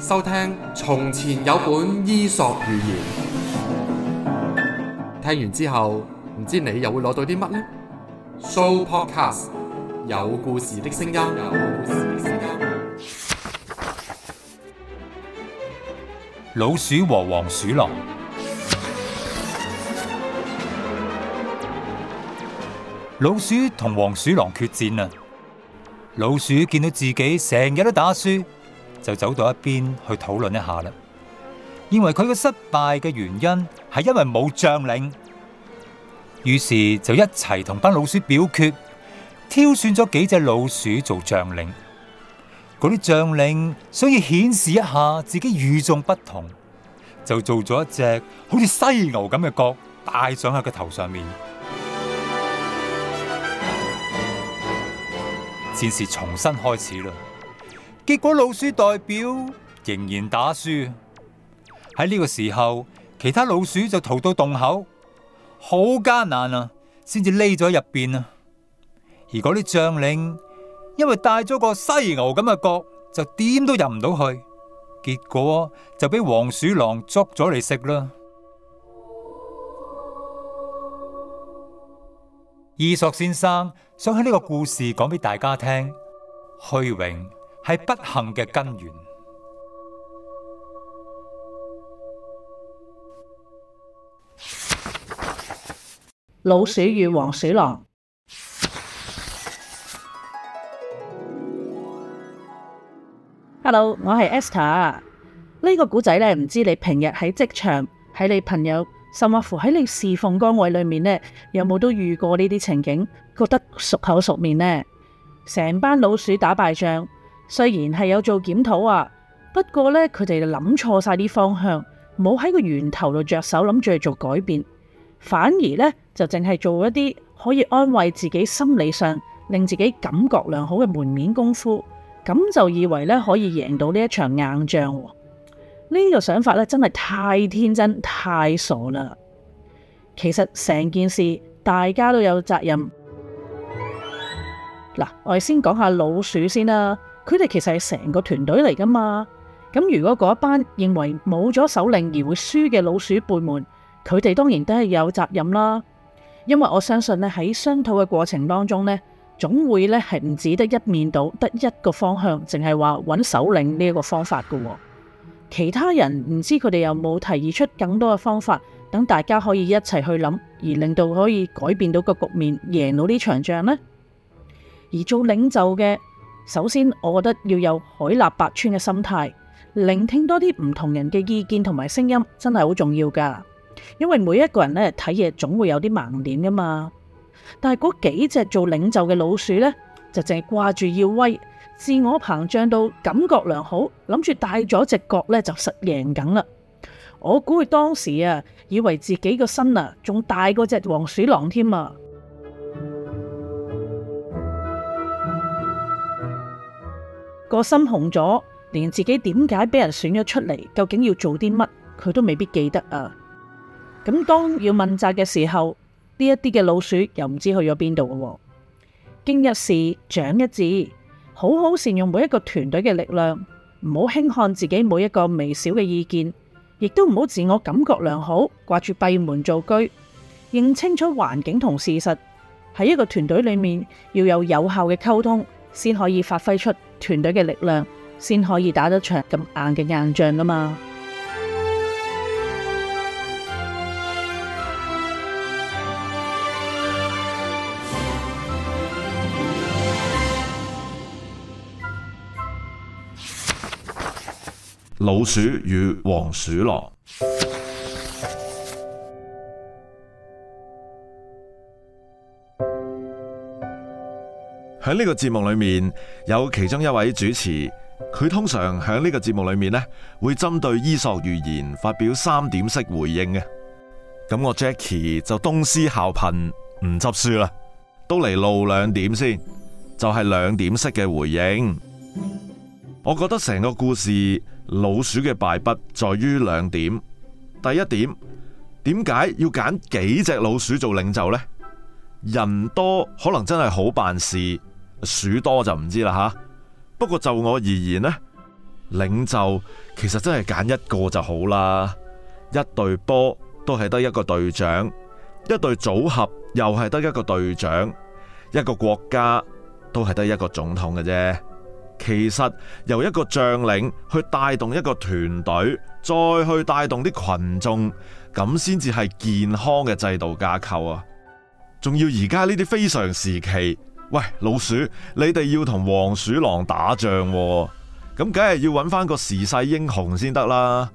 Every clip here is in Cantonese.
收聽從前有本伊索寓言，聽完之後唔知你又會攞到啲乜呢？Sooopodcast 有故事的聲音。老鼠和黃鼠狼，老鼠同黃鼠狼決戰啊！老鼠見到自己成日都打輸。就走到一邊去討論一下啦。認為佢嘅失敗嘅原因係因為冇將領，於是就一齊同班老鼠表決，挑選咗幾隻老鼠做將領。嗰啲將領想要顯示一下自己與眾不同，就做咗一隻好似犀牛咁嘅角戴上喺佢頭上面。戰事重新開始啦。結果老鼠代表仍然打輸，喺呢個時候，其他老鼠就逃到洞口，好艱難啊，先至匿咗入邊啊。而嗰啲將領因為帶咗個犀牛咁嘅角，就點都入唔到去，結果就俾黃鼠狼捉咗嚟食啦。伊索先生想喺呢個故事講俾大家聽虛榮。虛榮係不幸嘅根源。老鼠與黃鼠狼。Hello，我係 Esther。呢個古仔呢，唔知你平日喺職場，喺你朋友甚或乎，喺你侍奉崗位裏面呢，有冇都遇過呢啲情景，覺得熟口熟面呢，成班老鼠打敗仗。雖然係有做檢討啊，不過咧，佢哋諗錯晒啲方向，冇喺個源頭度着手諗住去做改變，反而咧就淨係做一啲可以安慰自己心理上，令自己感覺良好嘅門面功夫，咁就以為咧可以贏到呢一場硬仗。呢、呢個想法咧，真係太天真太傻啦！其實成件事大家都有責任。嗱，我哋先講下老鼠先啦。佢哋其實係成個團隊嚟噶嘛？咁如果嗰一班認為冇咗首領而會輸嘅老鼠輩們，佢哋當然都係有責任啦。因為我相信咧喺商討嘅過程當中呢，總會咧係唔只得一面到，得一個方向，淨係話揾首領呢一個方法噶。其他人唔知佢哋有冇提議出更多嘅方法，等大家可以一齊去諗，而令到可以改變到個局面，贏到呢場仗呢？而做領袖嘅。首先，我覺得要有海納百川嘅心態，聆聽多啲唔同人嘅意見同埋聲音，真係好重要噶。因為每一個人咧睇嘢總會有啲盲點噶嘛。但係嗰幾隻做領袖嘅老鼠咧，就淨係掛住要威，自我膨脹到感覺良好，諗住大咗隻角咧就實贏緊啦。我估佢當時啊，以為自己個身啊仲大過隻黃鼠狼添啊！個心紅咗，連自己點解俾人選咗出嚟，究竟要做啲乜，佢都未必記得啊！咁當要問責嘅時候，呢一啲嘅老鼠又唔知去咗邊度嘅喎。經一事長一智，好好善用每一個團隊嘅力量，唔好輕看自己每一個微小嘅意見，亦都唔好自我感覺良好，掛住閉門造車，認清楚環境同事實。喺一個團隊裏面，要有有效嘅溝通，先可以發揮出。團隊嘅力量先可以打得場咁硬嘅硬仗㗎嘛！老鼠與黃鼠狼。喺呢個節目裏面，有其中一位主持，佢通常喺呢個節目裏面呢，會針對伊索寓言發表三點式回應嘅。咁我 Jackie 就東施效顰，唔執輸啦，都嚟露兩點先，就係、是、兩點式嘅回應。我覺得成個故事老鼠嘅敗筆在於兩點。第一點，點解要揀幾隻老鼠做領袖呢？人多可能真係好辦事。鼠多就唔知啦吓，不過就我而言呢，領袖其實真係揀一個就好啦。一隊波都係得一個隊長，一隊組合又係得一個隊長，一個國家都係得一個總統嘅啫。其實由一個將領去帶動一個團隊，再去帶動啲群眾，咁先至係健康嘅制度架構啊。仲要而家呢啲非常時期。喂，老鼠，你哋要同黃鼠狼打仗，啊，咁梗係要揾翻個時勢英雄先得啦。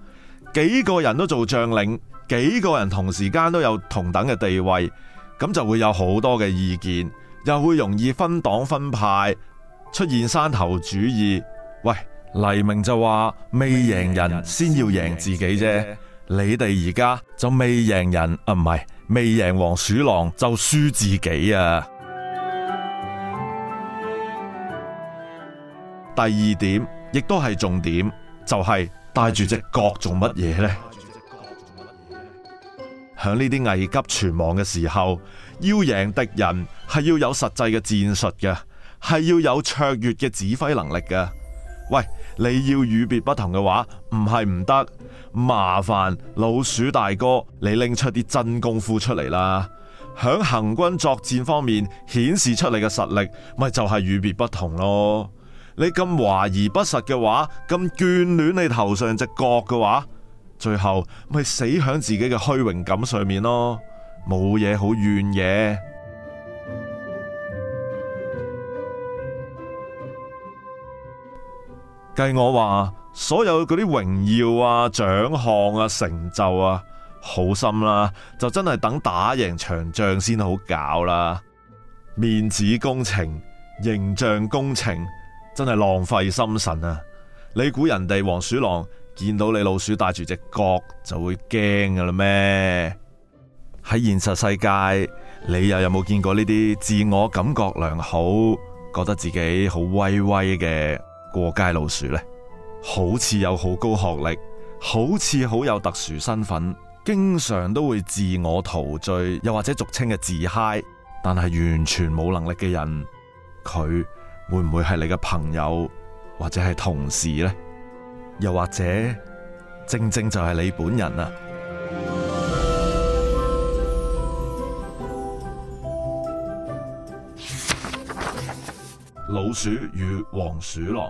幾個人都做將領，幾個人同時間都有同等嘅地位，咁就會有好多嘅意見，又會容易分黨分派，出現山頭主義。喂，黎明就話未贏人先要贏自己啫。你哋而家就未贏人，啊，唔係未贏黃鼠狼就輸自己啊！第二點，亦都係重點，就係帶住隻角做乜嘢呢？響呢啲危急存亡嘅時候，要贏敵人係要有實際嘅戰術嘅，係要有卓越嘅指揮能力嘅。喂，你要與別不同嘅話，唔係唔得，麻煩老鼠大哥，你拎出啲真功夫出嚟啦！響行軍作戰方面顯示出你嘅實力，咪就係與別不同咯。你咁華而不實嘅話，咁眷戀你頭上隻角嘅話，最後咪死響自己嘅虛榮感上面咯，冇嘢好怨嘢。計我話，所有嗰啲榮耀啊、獎項啊、成就啊，好心啦，就真係等打贏場仗先好搞啦。面子工程、形象工程。真係浪費心神啊你！你估人哋黃鼠狼見到你老鼠戴住隻角就會驚噶啦咩？喺現實世界，你又有冇見過呢啲自我感覺良好，覺得自己好威威嘅過街老鼠呢？好似有好高學歷，好似好有特殊身份，經常都會自我陶醉，又或者俗稱嘅「自嗨」，但係完全冇能力嘅人，佢。會唔會係你嘅朋友或者係同事呢？又或者正正就係你本人啊？老鼠與黃鼠狼。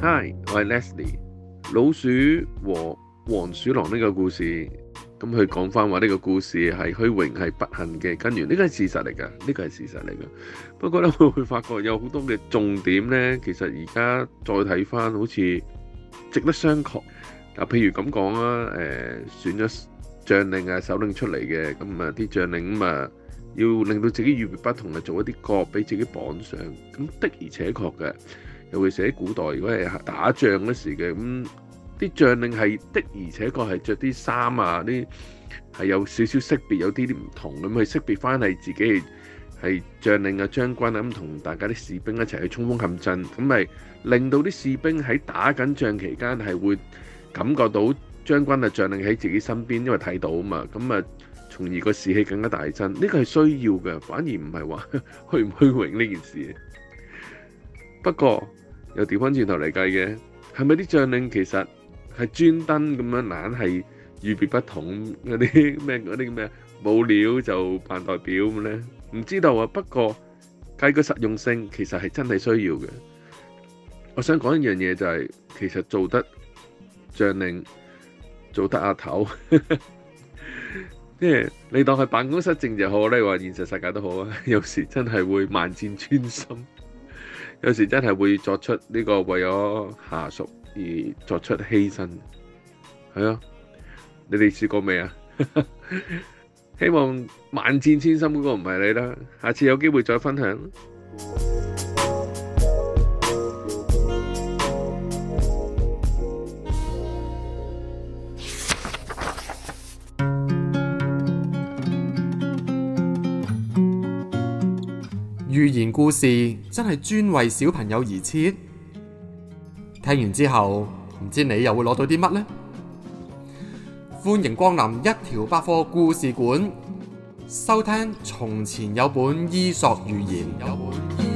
Hi，我係 Leslie。老鼠和黃鼠狼呢個故事。咁佢講翻話呢個故事係虛榮係不幸嘅根源，呢個係事實嚟㗎，呢個係事實嚟㗎。不過咧，我會發覺有好多嘅重點呢，其實而家再睇翻，好似值得商榷。嗱、啊，譬如咁講啦，誒、呃、選咗將領啊、首領出嚟嘅，咁啊啲將領咁啊，要令到自己與別不同嚟做一啲角，俾自己綁上，咁的而且確嘅。尤其是喺古代，如果係打仗嗰時嘅咁。啲將領係的，而且確係着啲衫啊，啲係有少少識別，有啲啲唔同咁去識別翻係自己係將領啊、將軍啊咁，同大家啲士兵一齊去衝鋒陷陣，咁咪令到啲士兵喺打緊仗期間係會感覺到將軍啊、將領喺自己身邊，因為睇到啊嘛，咁啊從而個士氣更加大增。呢個係需要嘅，反而唔係話虛唔虛榮呢件事。不過又調翻轉頭嚟計嘅，係咪啲將領其實？係專登咁樣懶，係與別不同嗰啲咩，嗰啲咩冇料就扮代表咁咧，唔知道啊。不過計個實用性其實係真係需要嘅。我想講一樣嘢就係，其實做得將領做得阿頭，即係你當係辦公室政治就好咧，話現實世界都好啊。有時真係會萬箭穿心，有時真係會作出呢個為咗下屬。而作出犧牲，係啊！你哋試過未啊？希望萬箭穿心嗰個唔係你啦。下次有機會再分享。寓言故事真係專為小朋友而設。聽完之後，唔知你又會攞到啲乜呢？歡迎光臨一條百貨故事館，收聽從前有本伊索寓言。